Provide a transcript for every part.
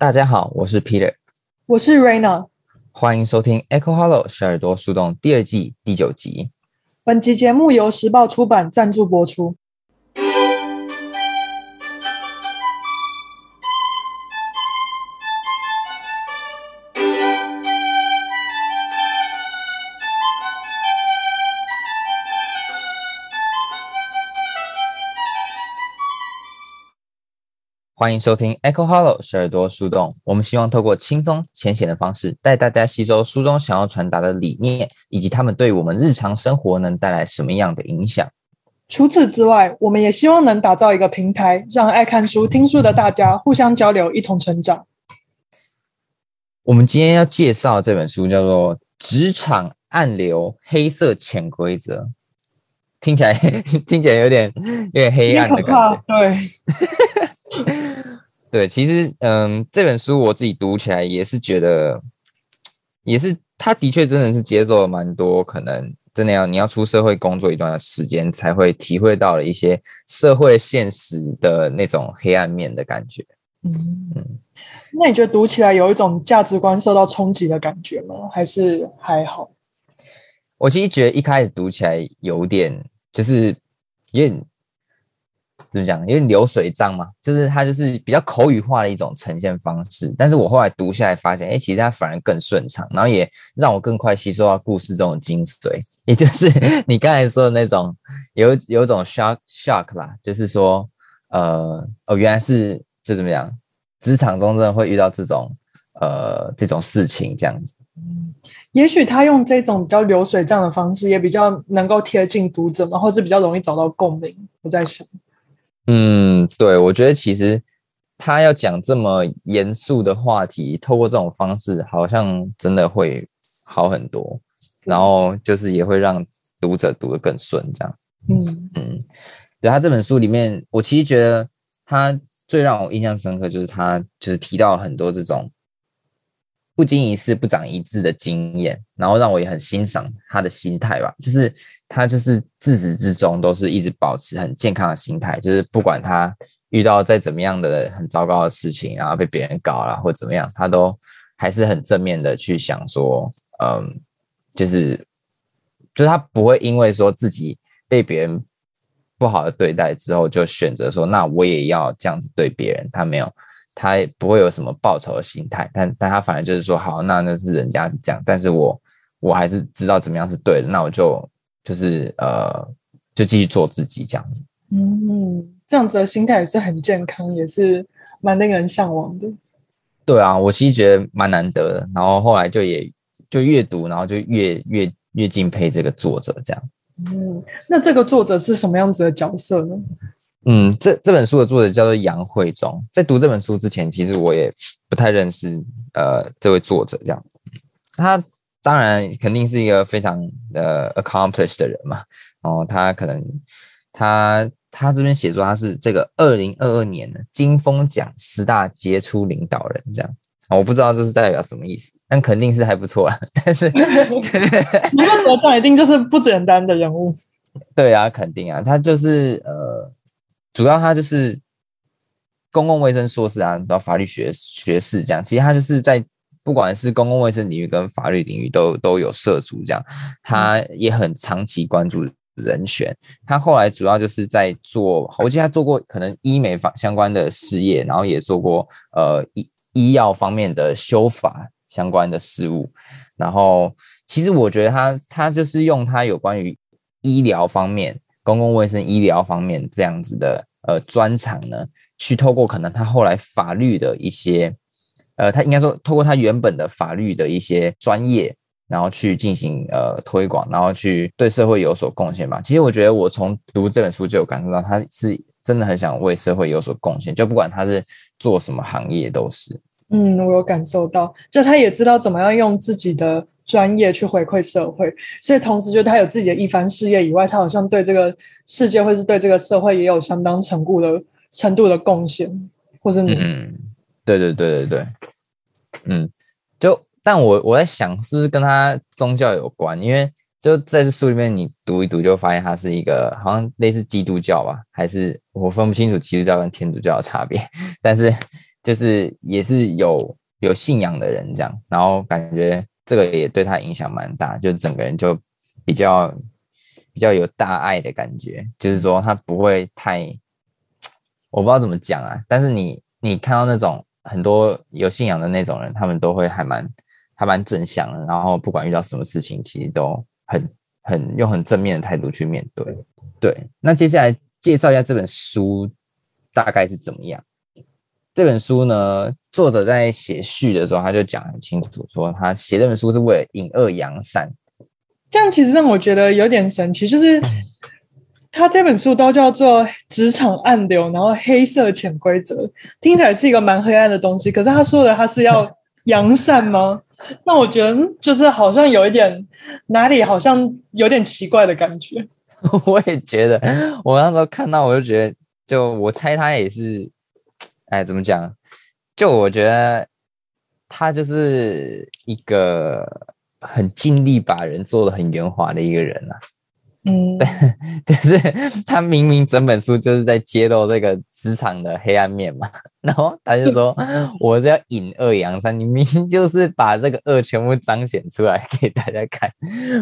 大家好，我是 Peter，我是 Raina，歡迎收聽、e《Echo Hollow 小耳朵樹洞》第二季第九集。本集節目由時報出版贊助播出。歡迎收聽、e《Echo Hollow 小耳朵書洞》。我們希望透過輕鬆淺顯的方式，帶大家吸收書中想要傳達的理念，以及他們對我們日常生活能帶來什麼樣的影響。除此之外，我們也希望能打造一個平台，讓愛看書、聽書的大家互相交流，一同成長。我們今天要介紹這本書，叫做《職場暗流：黑色潛規則》。聽起來，呵呵聽起來有點有點黑暗的感覺，對。 對，其實嗯，這本書我自己讀起來也是覺得，也是他的確真的是接受了蠻多，可能真的要你要出社會工作一段時間，才會體會到了一些社會現實的那種黑暗面的感覺。嗯，那你覺得讀起來有一種價值觀受到衝擊的感覺嗎？還是還好？我其實覺得一開始讀起來有點，就是也怎麼講？因為流水賬嘛，就是它，就是比較口語化的一種呈現方式。但是我後來讀下來發現，哎、欸，其實它反而更順暢，然後也讓我更快吸收到故事這種精髓。也就是你剛才說的那種，有有一種 shock shock 啦，就是說，呃，哦，原來是就怎麼樣，職場中真的會遇到這種呃這種事情這樣子。也許他用這種比較流水賬的方式，也比較能夠貼近讀者，然後是比較容易找到共鳴。我在想。嗯，對，我覺得其實他要講這麼嚴肅的話題，透過這種方式，好像真的會好很多，然後就是也會讓讀者讀得更順，這樣。嗯嗯，對，他這本書裡面，我其實覺得他最讓我印象深刻，就是他就是提到很多這種。不經一事不長一智的經驗，然後讓我也很欣賞他的心態吧。就是他就是自始至終都是一直保持很健康的心態，就是不管他遇到再怎麼樣的很糟糕的事情，然後被別人搞了、啊、或怎麼樣，他都還是很正面的去想說，嗯，就是就是他不會因為說自己被別人不好的對待之後，就選擇說那我也要這樣子對別人。他沒有。他也不會有什麼報仇的心態，但但他反而就是說，好，那那是人家是這樣，但是我我還是知道怎麼樣是對的，那我就就是呃，就繼續做自己這樣子。嗯，這樣子的心態也是很健康，也是蠻令人向往的。對啊，我其實覺得蠻難得的。然後後來就也就越讀，然後就越越越敬佩這個作者這樣。嗯，那這個作者是什麼樣子的角色呢？嗯，這這本書的作者叫做楊惠中，在讀這本書之前，其實我也不太認識呃這位作者。這樣，他當然肯定是一個非常呃 accomplished 的人嘛。然、哦、後他可能他他這邊寫作，他是這個二零二二年的金峰獎十大傑出領導人這樣。哦、我不知道這是代表什麼意思，但肯定是還不錯啊。但是，一個 得獎一定就是不簡單的人物。對啊，肯定啊，他就是呃。主要他就是公共衛生碩士啊，到法律學學士這樣。其實他就是在不管是公共衛生領域跟法律領域都都有涉足這樣。他也很長期關注人權。他後來主要就是在做，我記得他做過可能醫美方相關的事業，然後也做過呃醫醫藥方面的修法相關的事務。然後其實我覺得他他就是用他有關於醫療方面。公共衛生醫療方面這樣子的呃專長呢，去透過可能他後來法律的一些呃，他應該說透過他原本的法律的一些專業，然後去進行呃推廣，然後去對社會有所貢獻吧。其實我覺得我從讀這本書就有感受到，他是真的很想為社會有所貢獻，就不管他是做什麼行業都是。嗯，我有感受到，就他也知道怎麼樣用自己的專業去回饋社會，所以同時，就他有自己的一番事業以外，他好像對這個世界或者對這個社會也有相當成功的程度的程度的貢獻，或是你嗯，對對對對對，嗯，就但我我在想是不是跟他宗教有關，因為就在這書裡面你讀一讀就發現他是一個好像類似基督教吧，還是我分不清楚基督教跟天主教的差別，但是。就是也是有有信仰的人這樣，然後感覺這個也對他影響蠻大，就整個人就比較比較有大愛的感覺。就是說他不會太，我不知道怎麼講啊。但是你你看到那種很多有信仰的那種人，他們都會還蠻還蠻正向的，然後不管遇到什麼事情，其實都很很用很正面的態度去面對。對，那接下來介紹一下這本書大概是怎麼樣？這本書呢，作者在寫序的時候，他就講很清楚，說他寫這本書是為了隱惡揚善。這樣其實讓我覺得有點神奇，就是他這本書都叫做《職場暗流》，然後《黑色潛規則》，聽起來是一個蠻黑暗的東西。可是他說的他是要揚善嗎？ 那我覺得就是好像有一點哪裡好像有點奇怪的感覺。我也覺得，我那時候看到我就覺得，就我猜他也是。哎，怎麼講？就我覺得他就是一個很盡力把人做的很圓滑的一個人啊。嗯， 就是他明明整本書就是在揭露這個職場的黑暗面嘛， 然後他就說，我是要隱惡揚善， 你明明就是把這個惡全部彰顯出來給大家看。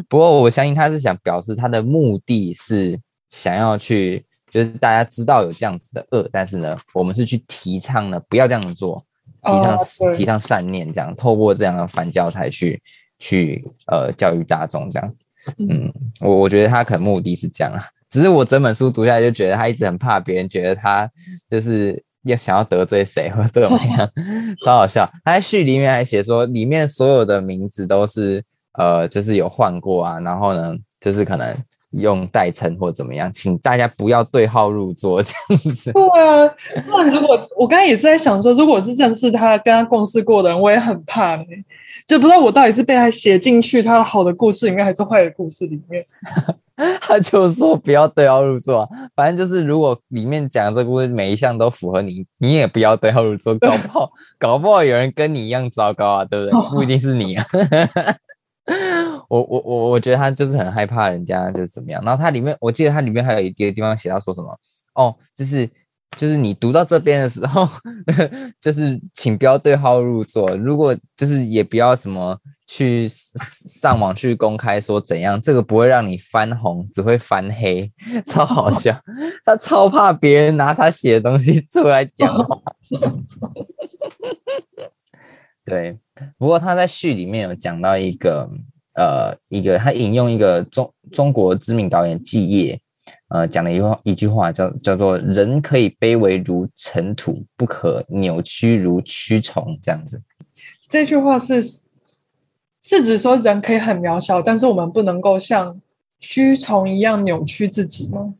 不過我相信他是想表示他的目的是想要去。就是大家知道有這樣子的惡，但是呢，我們是去提倡呢，不要這樣做，提倡、Oh, okay. 提倡善念，這樣透過這樣的反教材去去呃教育大眾這樣。嗯，我我覺得他可能目的是這樣啊，只是我整本書讀下來就覺得他一直很怕別人覺得他就是要想要得罪誰或者怎麼樣，超好笑。他在序裡面還寫說，裡面所有的名字都是呃，就是有換過啊，然後呢，就是可能。用代稱或怎麼樣，請大家不要對號入座這樣子。對啊，不然如果我剛才也是在想說，如果是認識他跟他共事過的人，我也很怕呢，就不知道我到底是被他寫進去，他的好的故事裡面還是壞的故事裡面。 他就說不要對號入座，反正就是如果裡面講這個故事每一項都符合你，你也不要對號入座，對搞不好搞不好有人跟你一樣糟糕啊，對不對？Oh. 不一定是你啊。 我我我我覺得他就是很害怕人家就是怎麼樣，然後他裡面我記得他裡面還有一個地方寫到說什麼哦，就是就是你讀到這邊的時候，呵呵，就是請不要對號入座，如果就是也不要什麼去上網去公開說怎樣，這個不會讓你翻紅，只會翻黑，超好笑， 他超怕別人拿他寫的東西出來講話。 對，不過他在序裡面有講到一個。呃，一個他引用一個中中國知名導演季業，呃，講了一話一句話叫，叫叫做“人可以卑微如塵土，不可扭曲如蛆蟲”這樣子。這句話是是指說人可以很渺小，但是我們不能夠像蛆蟲一樣扭曲自己嗎？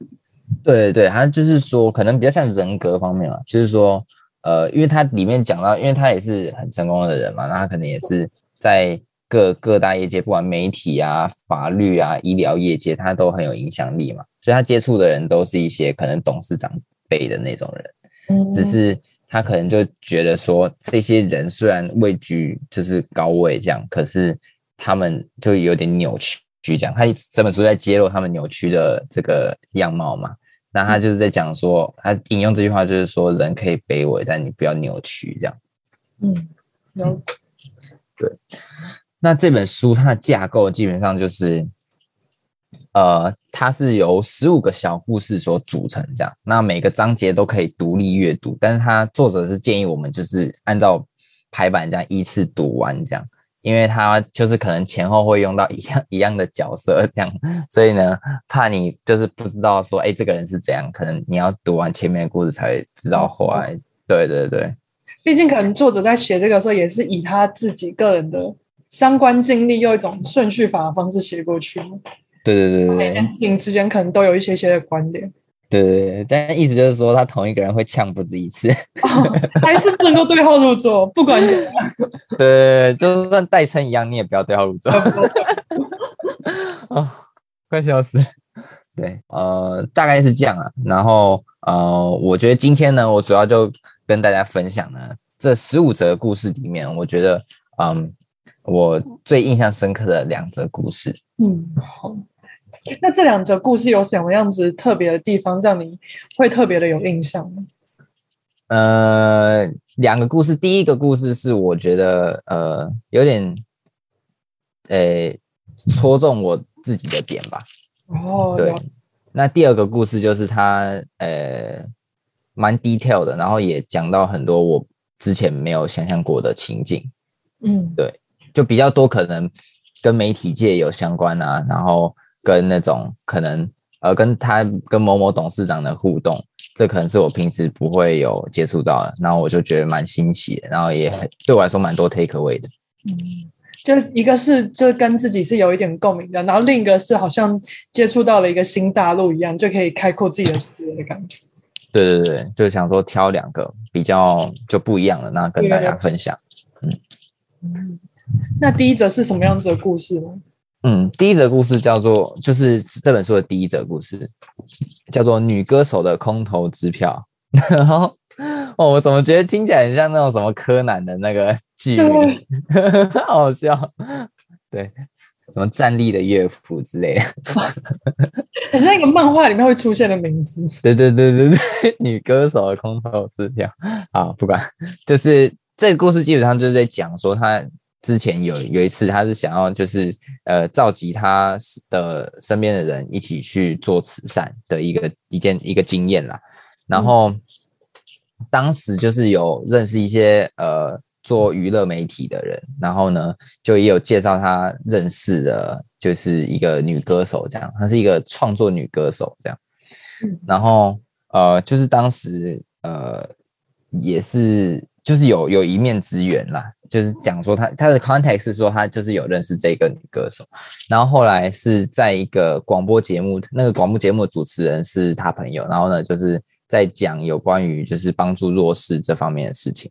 對對，他就是說，可能比較像人格方面啊，就是說，呃，因為他裡面講到，因為他也是很成功的人嘛，那他可能也是在。各各大業界，不管媒體啊、法律啊、醫療業界，他都很有影響力嘛，所以他接觸的人都是一些可能董事長輩的那種人。嗯，只是他可能就覺得說，這些人雖然位居就是高位這樣，可是他們就有點扭曲，這樣。他整本書在揭露他們扭曲的這個樣貌嘛。那他就是在講說，他，嗯，引用這句話就是說，人可以卑微，但你不要扭曲這樣。嗯，嗯對。那這本書它的架構基本上就是，呃，它是由十五個小故事所組成，這樣。那每個章節都可以獨立閱讀，但是它作者是建議我們就是按照排版這樣依次讀完，這樣，因為它就是可能前後會用到一樣一樣的角色，這樣，所以呢，怕你就是不知道說，哎、欸，這個人是怎樣，可能你要讀完前面的故事才會知道後來。對對對，畢竟可能作者在寫這個時候也是以他自己個人的。相關經歷用一種順序法的方式寫過去嗎？對對對對，人跟人之間可能都有一些些的觀點。對對對，但意思就是說他同一個人會嗆不止一次，哦、還是不能夠對號入座， 不管怎麼樣。對，就算代稱一樣，你也不要對號入座。啊， 快笑死！對，呃，大概是這樣啊。然後，呃，我覺得今天呢，我主要就跟大家分享呢，這十五則故事裡面，我覺得，嗯。我最印象深刻的兩則故事，嗯，好。那這兩則故事有什麼樣子特別的地方，讓你會特別的有印象呢？呃，兩個故事，第一個故事是我覺得呃有點，呃，戳中我自己的點吧。哦，對。哦，那第二個故事就是它呃蠻 detail 的，然後也講到很多我之前沒有想象過的情景。嗯，對。就比較多可能跟媒體界有相關啊，然後跟那種可能呃跟他跟某某董事長的互動，這可能是我平時不會有接觸到的，然後我就覺得蠻新奇的，然後也對我來說蠻多 takeaway 的。嗯，就一個是就是跟自己是有一點共鳴的，然後另一個是好像接觸到了一個新大陸一樣，就可以開闊自己的視野的感覺。對對對，就想說挑兩個比較就不一樣的那個跟大家分享。對對對嗯。嗯那第一則是什麼樣子的故事呢？嗯，第一則故事叫做，就是這本書的第一則故事叫做女歌手的空頭支票。然後，哦，我怎麼覺得聽起來很像那種什麼柯南的那個劇， 好笑。對，什麼戰慄的樂譜之類的， 很像一個漫畫裡面會出現的名字。對對對對對，女歌手的空頭支票。好，不管，就是這個故事基本上就是在講說她。之前有有一次，他是想要就是呃召集他的身邊的人一起去做慈善的一個一件一個經驗啦。然後當時就是有認識一些呃做娛樂媒體的人，然後呢就也有介紹他認識的，就是一個女歌手這樣，她是一個創作女歌手這樣。然後呃就是當時呃也是就是有有一面之緣啦。就是講說他他的 context 是說他就是有認識這個女歌手，然後後來是在一個廣播節目，那個廣播節目的主持人是他朋友，然後呢就是在講有關於就是幫助弱勢這方面的事情，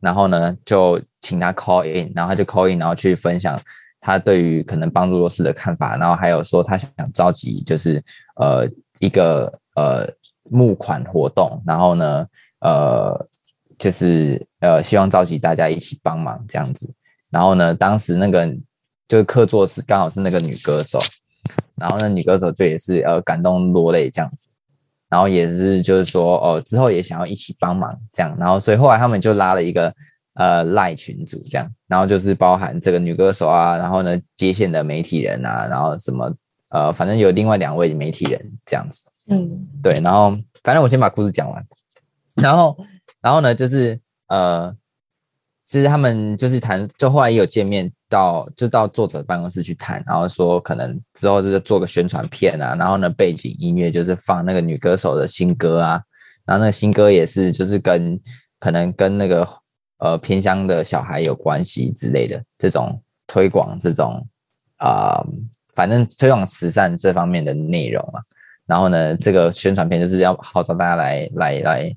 然後呢就請他 call in，然後他就 call in，然後去分享他對於可能幫助弱勢的看法，然後還有說他想召集就是呃一個呃募款活動，然後呢呃。就是呃，希望召集大家一起幫忙這樣子。然後呢，當時那個就是客座是剛好是那個女歌手，然後那女歌手這也是呃感動落淚這樣子。然後也是就是說哦、呃，之後也想要一起幫忙這樣。然後所以後來他們就拉了一個呃 LINE 群組這樣。然後就是包含這個女歌手啊，然後呢接線的媒體人啊，然後什麼呃反正有另外兩位媒體人這樣子。嗯，對，然後反正我先把故事講完，然後。然後呢，就是呃，其實他們就是談，就後來也有見面到，到就到作者辦公室去談，然後說可能之後就是做個宣傳片啊，然後呢，背景音樂就是放那個女歌手的新歌啊，然後那個新歌也是就是跟可能跟那個呃偏鄉的小孩有關係之類的這種推廣這種啊、呃，反正推廣慈善這方面的內容嘛、啊，然後呢，這個宣傳片就是要號召大家來來來。來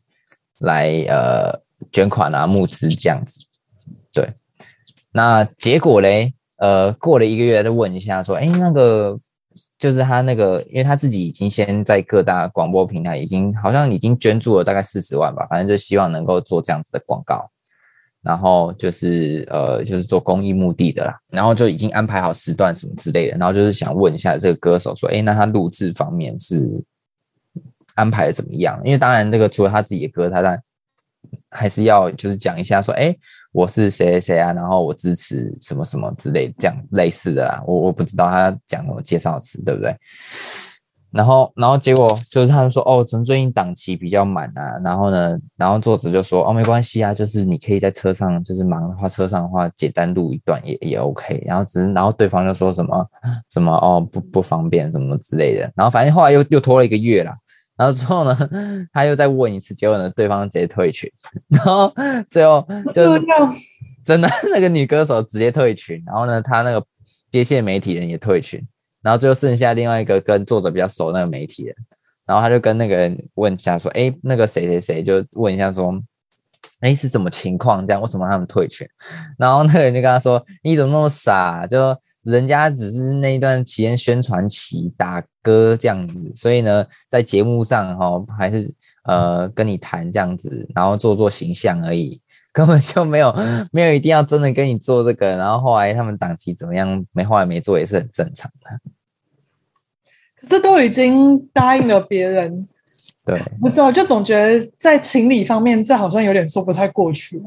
來呃，捐款啊，募資這樣子，對，那結果嘞，呃，過了一個月，就問一下，說，哎、欸，那個就是他那個，因為他自己已經先在各大廣播平台，已經好像已經捐助了大概四十萬吧，反正就希望能夠做這樣子的廣告，然後就是呃，就是做公益目的的啦，然後就已經安排好時段什麼之類的，然後就是想問一下這個歌手，說，哎、欸，那他錄制方面是？安排的怎麼樣？因為當然，這個除了他自己的歌，他但還是要就是講一下說，哎、欸，我是誰誰誰啊，然後我支持什麼什麼之類這樣類似的啊。我我不知道他講什麼介紹詞，對不對？然後，然後結果就是他們說，哦，從最近檔期比較滿啊。然後呢，然後作者就說，哦，沒關係啊，就是你可以在車上，就是忙的話，車上的話簡單錄一段也也 OK。然後只是，然後對方就說什麼什麼哦，不不方便什麼之類的。然後，反正後來又又拖了一個月了。然後之後呢，他又再問一次，結果呢，對方直接退群。然後最後就真的那個女歌手直接退群，然後呢，他那個接線媒體人也退群，然後最後剩下另外一個跟作者比較熟那個媒體人，然後他就跟那個人問一下說，誒，那個誰誰誰就問一下說。哎，是什麼情況？這樣，為什麼他們退群？然後那個人就跟他說：“你怎麼那麼傻、啊？就人家只是那一段期間宣傳期打歌這樣子，所以呢，在節目上哈、哦，還是呃跟你談這樣子，然後做做形象而已，根本就沒有沒有一定要真的跟你做這個。然後後來他們檔期怎麼樣，沒後來沒做也是很正常的。可是都已經答應了別人。” 對，不是、哦，就總覺得在情理方面，這好像有點說不太過去。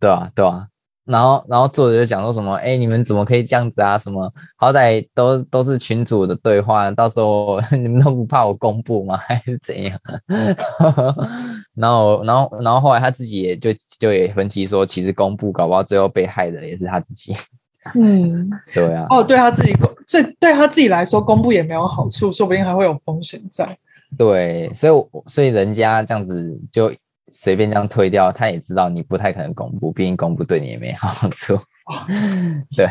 對啊，對啊。然後，然後作者就講說什麼，哎、欸，你們怎麼可以這樣子啊？什麼，好歹都都是群組的對話，到時候你們都不怕我公布嗎？還是怎樣？ 然後，然後，然後後來他自己也就就也分析說，其實公布，搞不好最後被害的也是他自己。 嗯，對啊。哦，對他自己公，對對他自己來說，公布也沒有好處，嗯、說不定還會有風險在。對，所以所以人家這樣子就隨便這樣推掉，他也知道你不太可能公布，畢竟公布對你也沒好處。 對，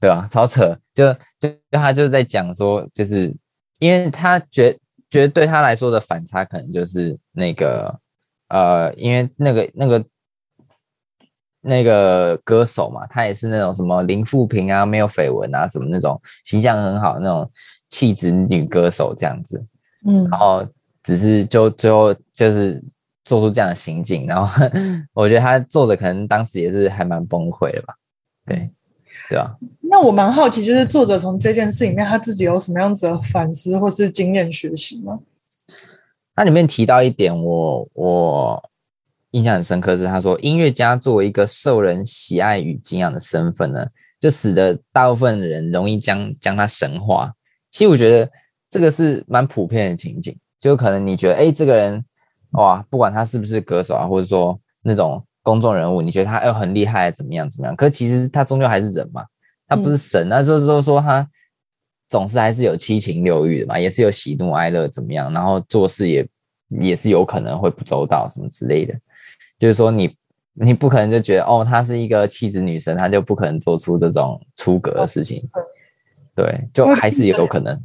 對吧、啊？超扯，就就，就他就在講說，就是因為他覺覺得對他來說的反差，可能就是那個呃，因為那個那個那個歌手嘛，他也是那種什麼零負評啊，沒有緋聞啊，什麼那種形象很好那種氣質女歌手這樣子。嗯，然後只是就最後就是做出這樣的行徑，然後我覺得他作者可能當時也是還蠻崩潰的吧。對，對啊。那我蠻好奇，就是作者從這件事裡面他自己有什麼樣子的反思或是經驗學習嗎？他裡面提到一點我，我我印象很深刻的是，他說音樂家作為一個受人喜愛與敬仰的身份呢，就使得大部分人容易將將他神化。其實我覺得。這個是蠻普遍的情景，就可能你覺得，哎、欸，這個人，哇，不管他是不是歌手啊，或者說那種公眾人物，你覺得他又很厲害，怎麼樣怎麼樣？可其實他終究還是人嘛，他不是神，啊，那、嗯、就是說、就是、說他總是還是有七情六欲的嘛，也是有喜怒哀樂怎麼樣，然後做事也也是有可能會不周到什麼之類的，就是說你你不可能就覺得，哦，她是一個氣質女神，她就不可能做出這種出格的事情，對，就還是有可能。嗯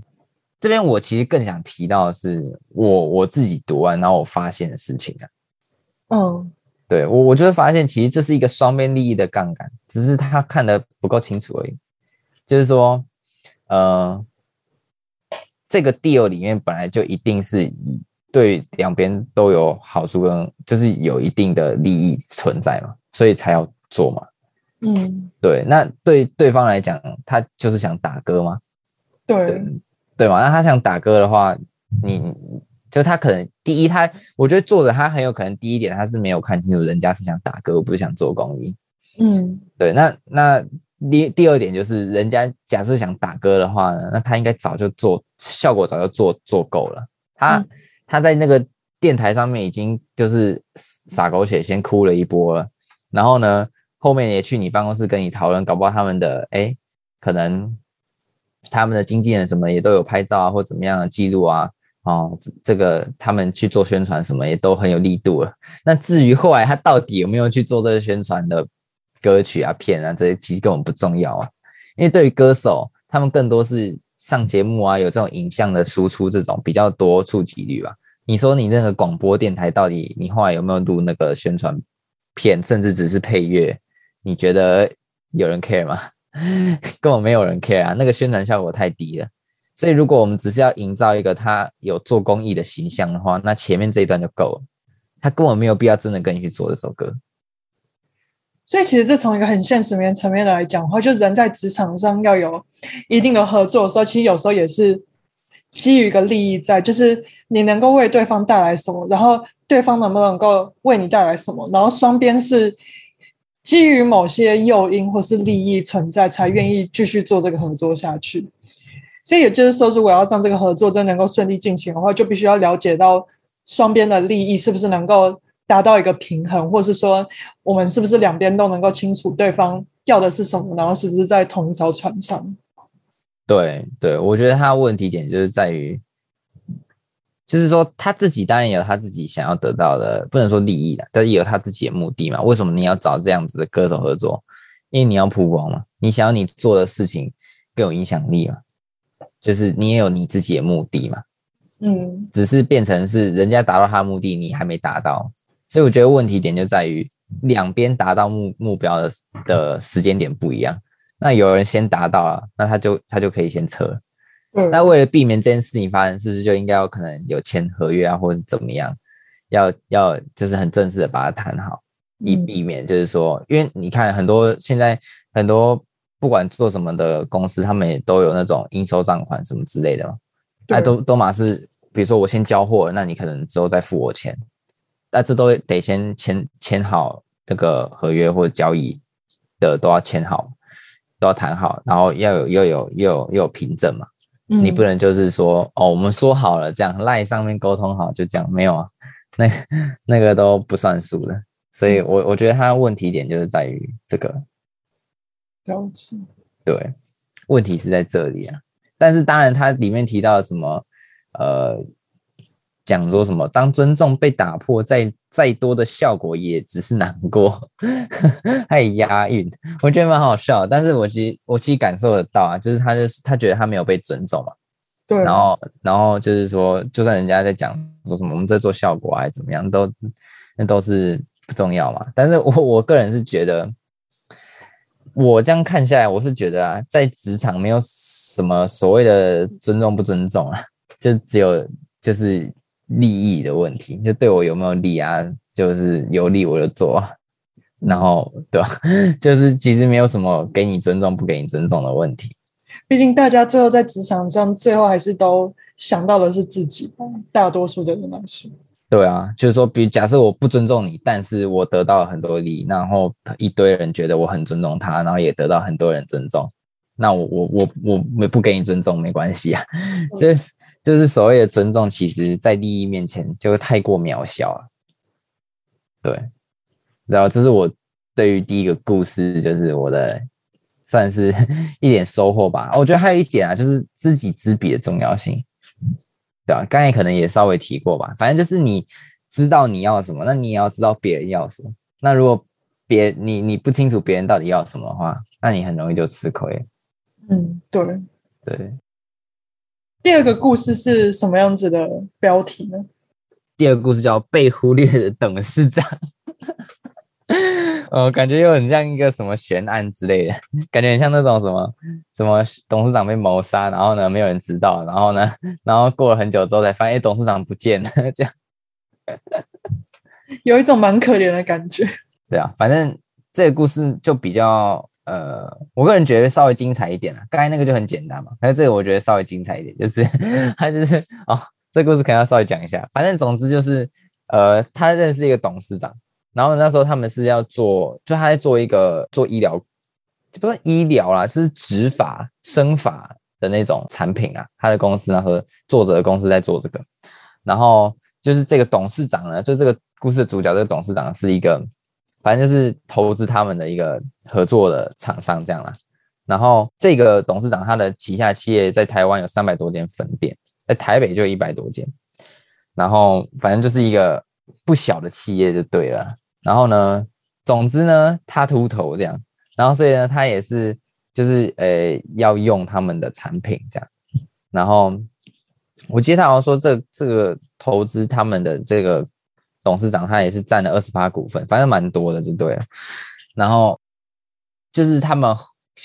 這邊我其實更想提到的是我我自己讀完，然後我發現的事情啊，哦、對我我就會發現，其實這是一個雙邊利益的槓桿，只是他看得不夠清楚而已。就是說，呃，這個 deal 裡面本來就一定是以對兩邊都有好處跟，就是有一定的利益存在嘛，所以才要做嘛。嗯，對。那對對方來講，他就是想打歌嗎？對。對對嘛？那他想打歌的話，你就他可能第一他，他我覺得作者他很有可能第一點，他是沒有看清楚人家是想打歌，不是想做公益。嗯，對。那那第第二點就是，人家假設想打歌的話呢，那他應該早就做效果，早就做做夠了。他他在那個電台上面已經就是撒狗血，先哭了一波了。然後呢，後面也去你辦公室跟你討論，搞不好他們的誒可能。他們的經紀人什麼也都有拍照啊，或怎麼樣的記錄啊，哦，這個他們去做宣傳什麼也都很有力度了。那至於後來他到底有沒有去做這個宣傳的歌曲啊、片啊這些，其實根本不重要啊。因為對於歌手，他們更多是上節目啊，有這種影像的輸出，這種比較多觸及率吧。你說你那個廣播電台到底你後來有沒有錄那個宣傳片，甚至只是配樂，你覺得有人 care 嗎？根本沒有人 care 啊，那個宣傳效果太低了。所以，如果我們只是要營造一個他有做公益的形象的話，那前面這一段就夠了。他根本沒有必要真的跟你去做這首歌。所以，其實這從一個很現實面層面來講的話，就人在職場上要有一定的合作的時候，其實有時候也是基於一個利益在，就是你能夠為對方帶來什麼，然後對方能不能夠為你帶來什麼，然後雙邊是。基於某些誘因或是利益存在，才願意繼續做這個合作下去。所以也就是說，如果要讓這個合作真能夠順利進行的話，就必須要了解到雙邊的利益是不是能夠達到一個平衡，或是說我們是不是兩邊都能夠清楚對方要的是什麼，然後是不是在同一艘船上。對對，我覺得它的問題點就是在於。就是說，他自己當然有他自己想要得到的，不能說利益啦，但是也有他自己的目的嘛。為什麼你要找這樣子的歌手合作？因為你要曝光嘛，你想要你做的事情更有影響力嘛。就是你也有你自己的目的嘛，嗯，只是變成是人家達到他的目的，你還沒達到，所以我覺得問題點就在於兩邊達到目目標的的時間點不一樣。那有人先達到了，那他就他就可以先撤。那為了避免這件事情發生，是不是就應該有可能有簽合約啊，或者是怎麼樣，要要就是很正式的把它談好，以避免就是說，因為你看很多現在很多不管做什麼的公司，他們也都有那種應收賬款什麼之類的嘛，那都都嘛是，比如說我先交貨，那你可能之後再付我錢，那這都得先簽簽好這個合約或者交易的都要簽好，都要談好，然後要有又有又有又有憑證嘛。你不能就是說哦，我們說好了這樣 Line 上面溝通好就這樣，沒有啊，那個、那個都不算數的，所以我，我我覺得他問題點就是在於這個標記，嗯、對，問題是在這裡啊。但是當然，他裡面提到什麼，呃。講說什麼？當尊重被打破再，再再多的效果也只是難過。太押韻，我覺得蠻好笑。但是我其實我其實感受得到啊，就是他就是他覺得他沒有被尊重嘛。對。然後然後就是說，就算人家在講說什麼，我們在做效果還是怎麼樣，都那都是不重要嘛。但是我我個人是覺得，我這樣看下來，我是覺得啊，在職場沒有什麼所謂的尊重不尊重啊，就只有就是。利益的問題，就對我有沒有利啊？就是有利我就做，然後對吧、啊？就是其實沒有什麼給你尊重不給你尊重的問題。畢竟大家最後在職場上，最後還是都想到的是自己，大多數的人來說，對啊，就是說，比如假設我不尊重你，但是我得到了很多利益，然後一堆人覺得我很尊重他，然後也得到很多人尊重。那我我我我沒不給你尊重沒關係啊、 就是，就是就是所謂的尊重，其實在利益面前就太過渺小了。對，然後這是我對於第一個故事，就是我的算是一點收穫吧。Oh, 我覺得還有一點啊，就是知己知彼的重要性，對吧、啊？剛才可能也稍微提過吧，反正就是你知道你要什麼，那你也要知道別人要什麼。那如果別你你不清楚別人到底要什麼的話，那你很容易就吃虧。嗯，對對，第二個故事是什麼樣子的標題呢？第二個故事叫《被忽略的董事長》 哦，我感覺又很像一個什麼懸案之類的，感覺很像那種什麼什麼董事長被謀殺，然後呢，沒有人知道，然後呢，然後過了很久之後才發現，哎，董事長不見了，這樣， 有一種蠻可憐的感覺。對啊，反正這個故事就比較。呃，我個人覺得稍微精彩一點啊，剛才那個就很簡單嘛，但是這個我覺得稍微精彩一點，就是他就是哦，這個故事可能要稍微講一下。反正總之就是，呃，他認識一個董事長，然後那時候他們是要做，就他在做一個做醫療，就不是醫療啦，就是執法生法的那種產品啊。他的公司呢和作者的公司在做這個，然後就是這個董事長呢，就這個故事的主角，這個董事長是一個。反正就是投資他們的一個合作的廠商這樣啦、啊，然後這個董事長他的旗下企業在台灣有三百多間分店，在台北就一百多間，然後反正就是一個不小的企業就對了。然後呢，總之呢，他禿頭這樣，然後所以呢，他也是就是呃、欸、要用他們的產品這樣，然後我記得他好像說這這個投資他們的這個。董事長他也是占了二十八股份，反正蠻多的就對了。然後就是他們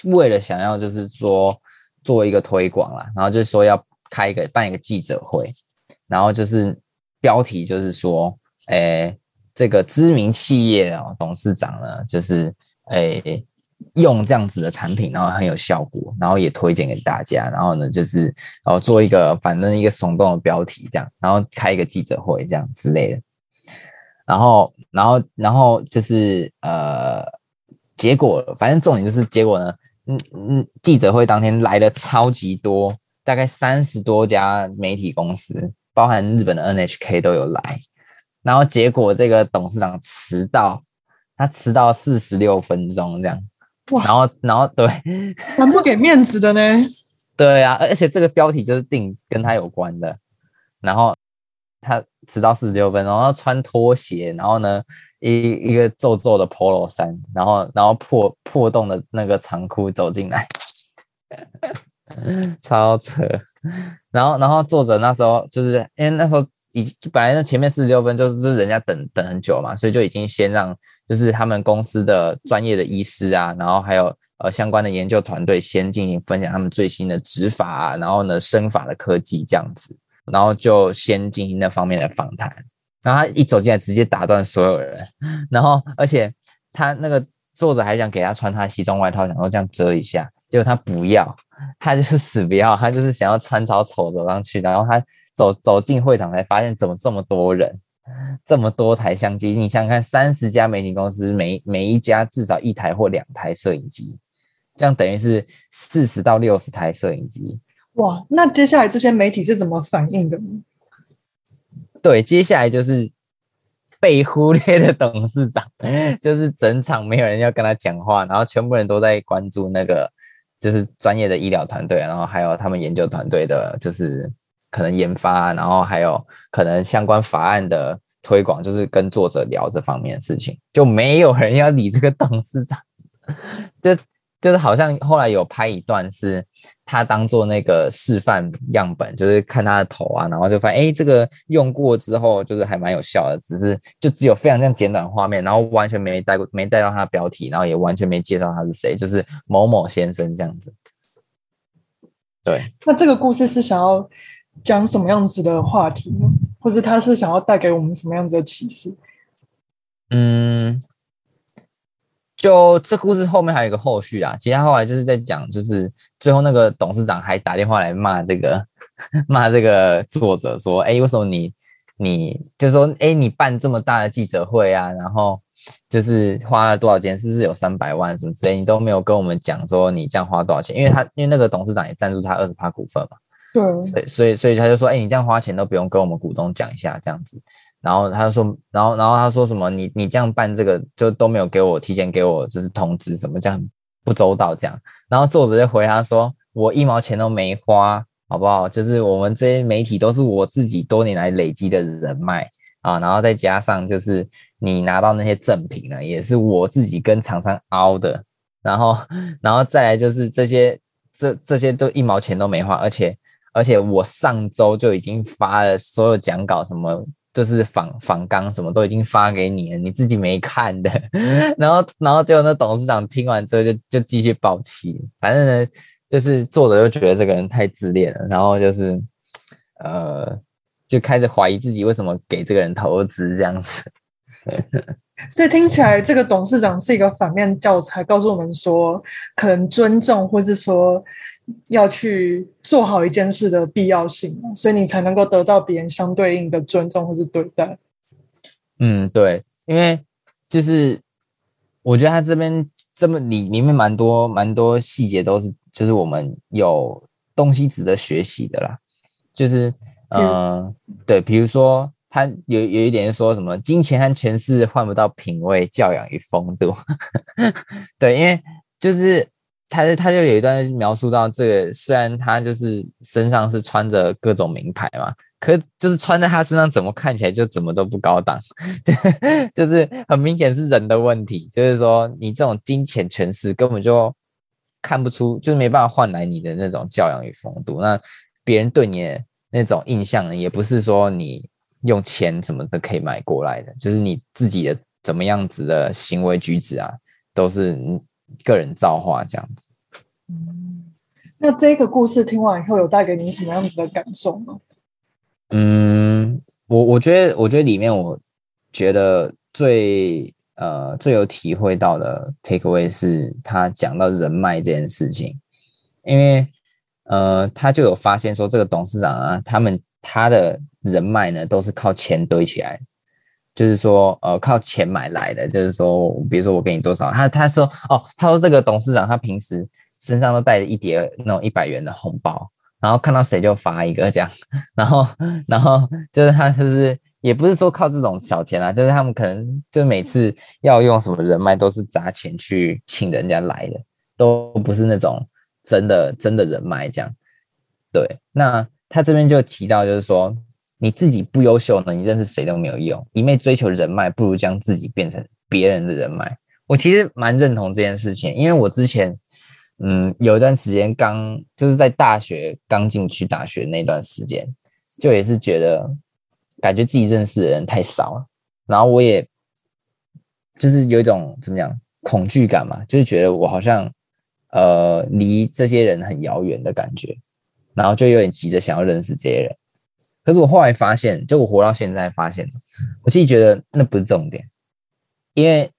為了想要，就是說做一個推廣啦，然後就說要開一個辦一個記者會，然後就是標題就是說，哎，這個知名企業哦，董事長呢，就是哎用這樣子的產品，然後很有效果，然後也推薦給大家，然後呢就是哦做一個反正一個聳動的標題這樣，然後開一個記者會這樣之類的。然後，然後，然後就是呃，結果，反正重點就是結果呢。嗯嗯，記者會當天來的超級多，大概三十多家媒體公司，包含日本的 NHK 都有來。然後結果這個董事長遲到，他遲到四十六分鐘這樣。哇！然後，然後對，蠻不給面子的呢。 對啊，而且這個標題就是定跟他有關的。然後。他遲到四十六分，然後穿拖鞋，然後呢，一一,一個皺皺的 Polo 衫，然後然後破破洞的那個長褲走進來， 超扯。然後然後作者那時候就是，因為那時候已本來那前面四十六分就是、就是人家等等很久嘛，所以就已經先讓就是他們公司的專業的醫師啊，然後還有呃相關的研究團隊先進行分享他們最新的植髮啊，然後呢生髮的科技這樣子。然後就先進行那方面的訪談，然後他一走進來直接打斷所有人，然後而且他那個作者還想給他穿他西裝外套，想要這樣遮一下，結果他不要，他就是死不要，他就是想要穿着醜走上去，然後他走走進會場才發現怎麼這麼多人，這麼多台相機，你想想看，三十家媒體公司，每每一家至少一台或兩台攝影機，這樣等於是四十到六十台攝影機。哇，那接下來這些媒體是怎麼反應的？對，接下來就是被忽略的董事長，就是整場沒有人要跟他講話，然後全部人都在關注那個就是專業的醫療團隊，然後還有他們研究團隊的，就是可能研發，然後還有可能相關法案的推廣，就是跟作者聊這方面的事情，就沒有人要理這個董事長，就。就是好像後來有拍一段，是他當做那個示範樣本，就是看他的頭啊，然後就發現，哎、欸，這個用過之後，就是還蠻有效的，只是就只有非常這樣簡短的畫面，然後完全沒帶過，沒帶到他的標題，然後也完全沒介紹他是誰，就是某某先生這樣子。對，那這個故事是想要講什麼樣子的話題呢？或是他是想要帶給我們什麼樣子的啟示？嗯。就這故事後面還有一個後續啊，其他後來就是在講，就是最後那個董事長還打電話來罵這個罵這個作者說，哎、欸，為什麼你你就是說，哎、欸，你辦這麼大的記者會啊，然後就是花了多少錢，是不是有三百萬什麼之類，你都沒有跟我們講說你這樣花多少錢？因為他因為那個董事長也贊助他二十趴股份嘛，對，所以所以所以他就說，哎、欸，你這樣花錢都不用跟我們股東講一下這樣子。然後他說，然後然後他說什麼？你你這樣辦這個就都沒有給我提前給我就是通知，什麼這樣不周到這樣。然後作者就回他說，我一毛錢都沒花，好不好？就是我們這些媒體都是我自己多年來累積的人脈啊，然後再加上就是你拿到那些贈品呢，也是我自己跟廠商凹的。然後然後再來就是這些這這些都一毛錢都沒花，而且而且我上周就已經發了所有講稿什麼。就是仿仿綱什麼都已經發給你了，你自己沒看的。然後，然後結果那董事長聽完之後就就繼續爆氣。反正呢，就是作者就覺得這個人太自戀了，然後就是呃，就開始懷疑自己為什麼給這個人投資這樣子。所以聽起來，這個董事長是一個反面教材，告訴我們說，可能尊重或是說。要去做好一件事的必要性嘛，所以你才能夠得到別人相對應的尊重或者對待。嗯，對，因為就是我覺得他這邊這麼裡裡面蠻多蠻多細節都是，就是我們有東西值得學習的啦。就是、呃、嗯，對，比如說他有有一點說什麼金錢和權勢換不到品味、教養與風度。 對，因為就是。他他就有一段描述到這個，雖然他就是身上是穿着各種名牌嘛，可是就是穿在他身上怎麼看起來就怎麼都不高檔， 就是很明顯是人的問題。就是說你這種金錢權勢根本就看不出，就是沒辦法換來你的那種教養與風度。那別人對你的那種印象，也不是說你用錢什麼都可以買過來的，就是你自己的怎麼樣子的行為舉止啊，都是。個人造化這樣子，嗯，那這個故事聽完以後，有帶給你什麼樣子的感受嗎？嗯，我我覺得，我覺得裡面我覺得最呃最有體會到的 takeaway 是他講到人脈這件事情，因為呃，他就有發現說這個董事長啊，他們他的人脈呢，都是靠錢堆起來。就是說，呃，靠錢買來的。就是說，比如說我給你多少，他他說哦，他說這個董事長他平時身上都帶着一疊那種一百元的紅包，然後看到誰就發一個這樣，然後然後就是他就是也不是說靠這種小錢啊，就是他們可能就每次要用什麼人脈都是砸錢去請人家來的，都不是那種真的真的人脈這樣。對，那他這邊就提到就是說，你自己不優秀呢，你認識誰都沒有用。你沒追求人脈，不如將自己變成別人的人脈。我其實蠻認同這件事情，因為我之前，嗯，有一段時間剛就是在大學剛進去大學那段時間，就也是覺得，感覺自己認識的人太少了，然後我也就是有一種怎麼講恐懼感嘛，就是覺得我好像呃離這些人很遙遠的感覺，然後就有點急着想要認識這些人。可是我後來發現，就我活到現在發現，我自己覺得那不是重點，因為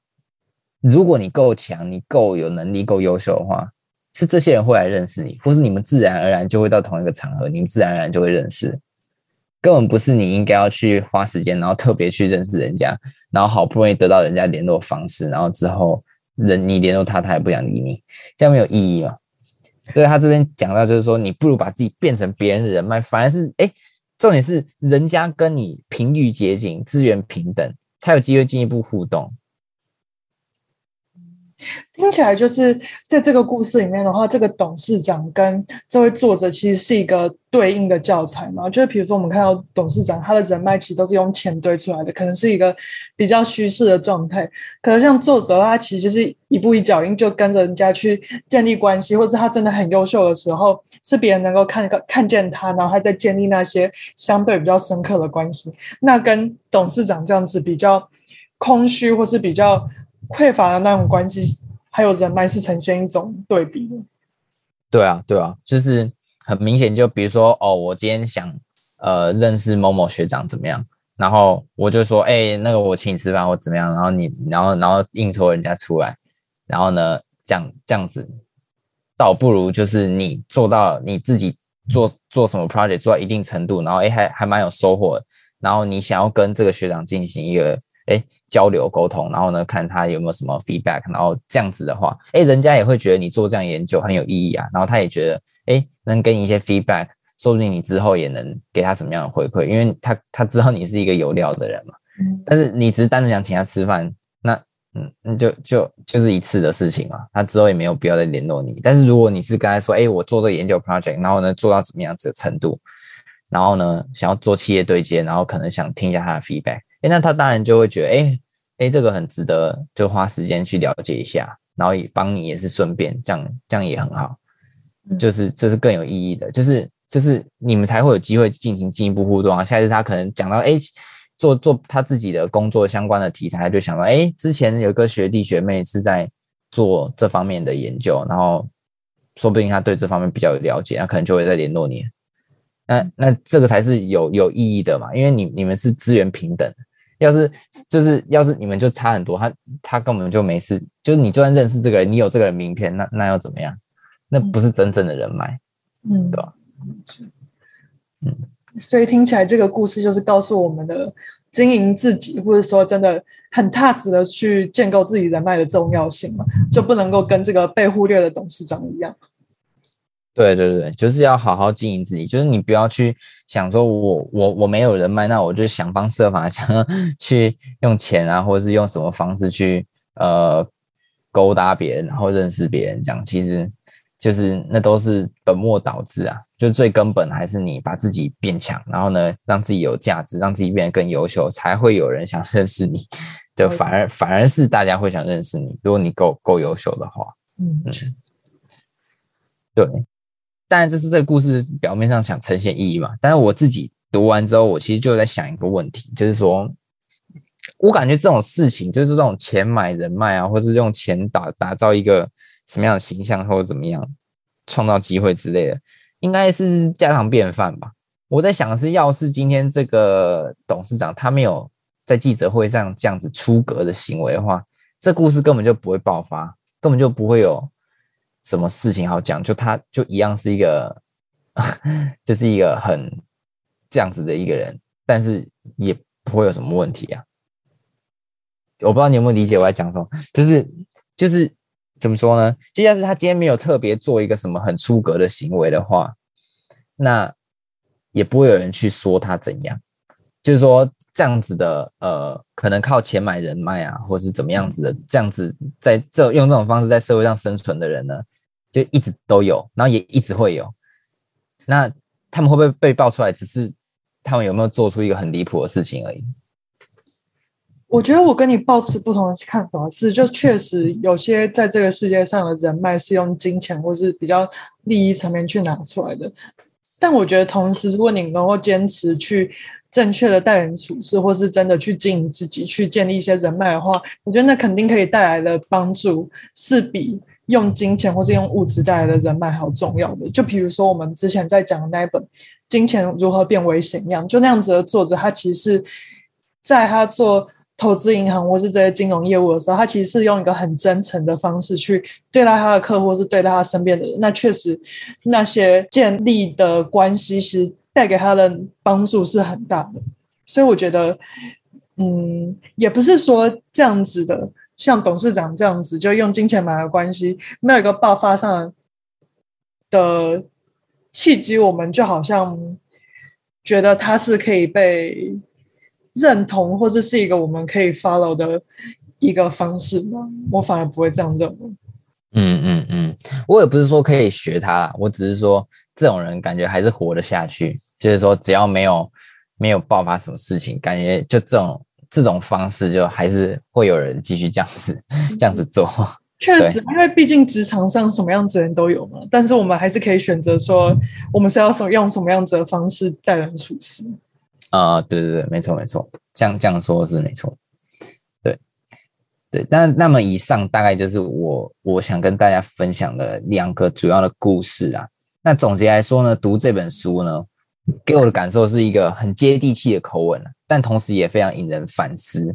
如果你夠強，你夠有能力、夠優秀的話，是這些人會來認識你，或是你們自然而然就會到同一個場合，你們自然而然就會認識，根本不是你應該要去花時間，然後特別去認識人家，然後好不容易得到人家聯絡方式，然後之後人你聯絡他，他也不想理你，這樣沒有意義嘛？所以他這邊講到就是說，你不如把自己變成別人的人脈，反而是哎。欸重點是，人家跟你頻率接近，資源平等，才有機會進一步互動。聽起來就是在這個故事裡面的話，這個董事長跟這位作者其實是一個對應的教材嘛。就是比如說，我們看到董事長，他的人脈其實都是用錢堆出來的，可能是一個比較虛勢的狀態。可能像作者他其實就是一步一腳印，就跟着人家去建立關係，或是他真的很優秀的時候，是別人能夠看看見他，然後他在建立那些相對比較深刻的關係。那跟董事長這樣子比較空虛，或是比較。匱乏的那種關係，還有人脈是呈現一種對比。對啊，對啊，就是很明顯，就比如說，哦，我今天想呃認識某某學長怎麼樣？然後我就說，哎，那個我請你吃飯，或怎麼樣？然後你，然後，然後，然後應酬人家出來，然後呢，這樣這樣子，倒不如就是你做到你自己做做什麼 project 做到一定程度，然後哎還還蠻有收穫的，然後你想要跟這個學長進行一個。哎，交流溝通，然後呢，看他有沒有什麼 feedback，然後這樣子的話，哎，人家也會覺得你做這樣研究很有意義啊，然後他也覺得，哎，能給你一些 feedback，說不定你之後也能給他什麼樣的回饋，因為他他知道你是一個有料的人嘛。但是你只是單純想請他吃飯，那嗯，那就就就是一次的事情嘛，他之後也沒有必要再聯絡你。但是如果你是剛才說，哎，我做這個研究 project，然後呢做到什麼樣子的程度，然後呢想要做企業對接，然後可能想聽一下他的 feedback。欸，那他當然就會覺得，欸，哎，這個很值得，就花時間去了解一下，然後也幫你也是順便，這樣這樣也很好，就是這是更有意義的，就是就是你們才會有機會進行進一步互動啊。下一次他可能講到，哎，做做他自己的工作相關的題材，他就想到，哎，之前有一個學弟學妹是在做這方面的研究，然後說不定他對這方面比較有了解，他可能就會再聯絡你。那那這個才是有有意義的嘛，因為你你們是資源平等。要是就是要是你們就差很多，他他根本就沒事。就是你就算認識這個人，你有這個人名片，那那又怎麼樣？那不是真正的人脈，嗯，對吧？嗯，所以聽起來這個故事就是告訴我們的經營自己，或者說真的很踏實的去建構自己人脈的重要性嘛，就不能夠跟這個被忽略的董事長一樣。對對對，就是要好好經營自己。就是你不要去想說我，我我我沒有人脈，那我就想方設法想要去用錢啊，或者是用什麼方式去呃勾搭別人，然後認識別人這樣。其實就是那都是本末倒置啊。就最根本還是你把自己變強，然後呢，讓自己有價值，讓自己變得更優秀，才會有人想認識你。就反而反而是大家會想認識你，如果你夠夠優秀的話。嗯，對。當然，這是這個故事表面上想呈現意義嘛。但是我自己讀完之後，我其實就在想一個問題，就是說我感覺這種事情，就是這種錢買人脈啊，或是用錢打打造一個什麼樣的形象，或者怎麼樣創造機會之類的，應該是家常便飯吧。我在想的是，要是今天這個董事長他沒有在記者會上這樣子出格的行為的話，這故事根本就不會爆發，根本就不會有。什麼事情好講？就他，就一樣是一個呵呵，就是一個很這樣子的一個人，但是也不會有什麼問題啊！我不知道你有沒有理解我在講什麼，就是就是怎麼說呢？就像是他今天沒有特別做一個什麼很出格的行為的話，那也不會有人去說他怎樣，就是說。這樣子的，呃，可能靠錢買人脈啊，或是怎麼樣子的，這樣子在這用這種方式在社會上生存的人呢，就一直都有，然後也一直會有。那他們會不會被爆出來？只是他們有沒有做出一個很離譜的事情而已？我覺得我跟你抱持不同的看法是，就確實有些在這個世界上的人脈是用金錢或是比較利益層面去拿出來的，但我覺得同時，如果你能夠堅持去。正確的待人處事，或是真的去經營自己，去建立一些人脈的話，我覺得那肯定可以帶來的幫助，是比用金錢或是用物質帶來的人脈還要重要的。就比如說我們之前在講的那一本《金錢如何變危險》一樣，就那樣子的作者，他其實在他做投資銀行或是這些金融業務的時候，他其實是用一個很真誠的方式去對待他的客戶，是對待他身邊的人。那確實，那些建立的關係是。帶給他的幫助是很大的，所以我覺得，嗯，也不是說這樣子的，像董事長這樣子就用金錢買的關係，沒有一個爆發上的契機，我們就好像覺得他是可以被認同，或者是，是一個我們可以 follow 的一個方式嘛，我反而不會這樣認為。嗯嗯嗯，我也不是說可以學他，我只是說這種人感覺還是活得下去，就是說只要沒有沒有爆發什麼事情，感覺就這種這種方式就還是會有人繼續這樣子這樣子做。嗯、確實，對因為畢竟職場上什麼樣子人都有嘛，但是我們還是可以選擇說我們是要什麼用什麼樣子的方式待人處事。啊、呃，對對對，沒錯沒錯，這樣這樣說是沒錯。對，那那麼以上大概就是我我想跟大家分享的兩個主要的故事啊。那總結來說呢，讀這本書呢，給我的感受是一個很接地氣的口吻，但同時也非常引人反思。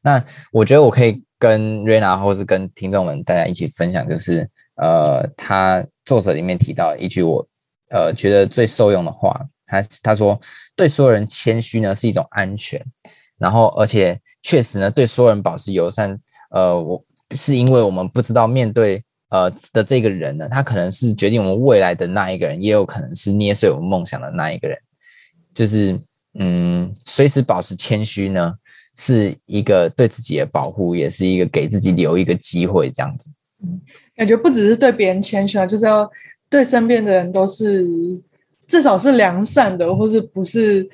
那我覺得我可以跟瑞娜，或是跟聽眾們大家一起分享，就是呃，他作者裡面提到一句我呃覺得最受用的話，他他說，對所有人謙虛呢是一種安全，然後而且確實呢對所有人保持友善。呃，我是因為我們不知道面對呃的這個人呢，他可能是決定我們未來的那一個人，也有可能是捏碎我們夢想的那一個人。就是嗯，隨時保持謙虛呢，是一個對自己的保護，也是一個給自己留一個機會這樣子。嗯，感覺不只是對別人謙虛啊，就是要對身邊的人都是至少是良善的，或是不是，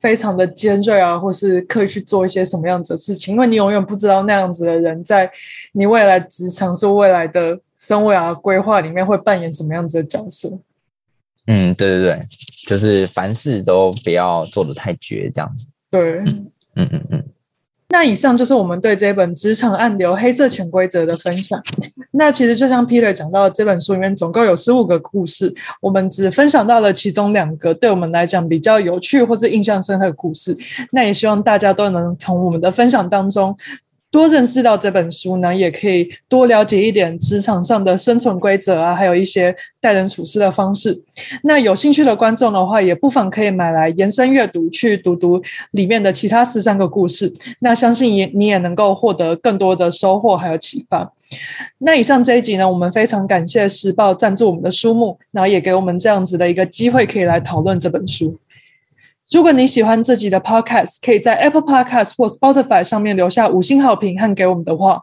非常的尖銳啊，或是刻意去做一些什麼樣子的事情，因為你永遠不知道那樣子的人在你未來職場，是未來的生活啊規劃裡面會扮演什麼樣子的角色。嗯，對對對，就是凡事都不要做得太絕，這樣子。對。嗯，嗯嗯嗯。那以上就是我們對這本《職場暗流：黑色潛規則》的分享。那其實就像 Peter 講到的，這本書裡面總共有十五個故事，我們只分享到了其中兩個，對我們來講比較有趣或是印象深刻的故事。那也希望大家都能從我們的分享當中，多認識到這本書呢，也可以多了解一點職場上的生存規則啊，還有一些待人處事的方式。那有興趣的觀眾的話，也不妨可以買來延伸閱讀，去讀讀裡面的其他十三個故事。那相信也你也能夠獲得更多的收穫還有啟發。那以上這一集呢，我們非常感謝時報贊助我們的書目，然後也給我們這樣子的一個機會，可以來討論這本書。如果你喜歡這集的 Podcast，可以在 Apple Podcast 或 Spotify 上面留下五星好評和給我們的話。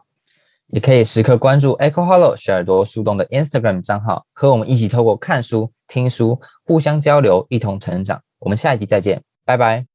也可以時刻關注 Echo Hollow 小耳朵樹洞的 Instagram 賬號，和我們一起透過看書、聽書，互相交流，一同成長。我們下一集再見，拜拜。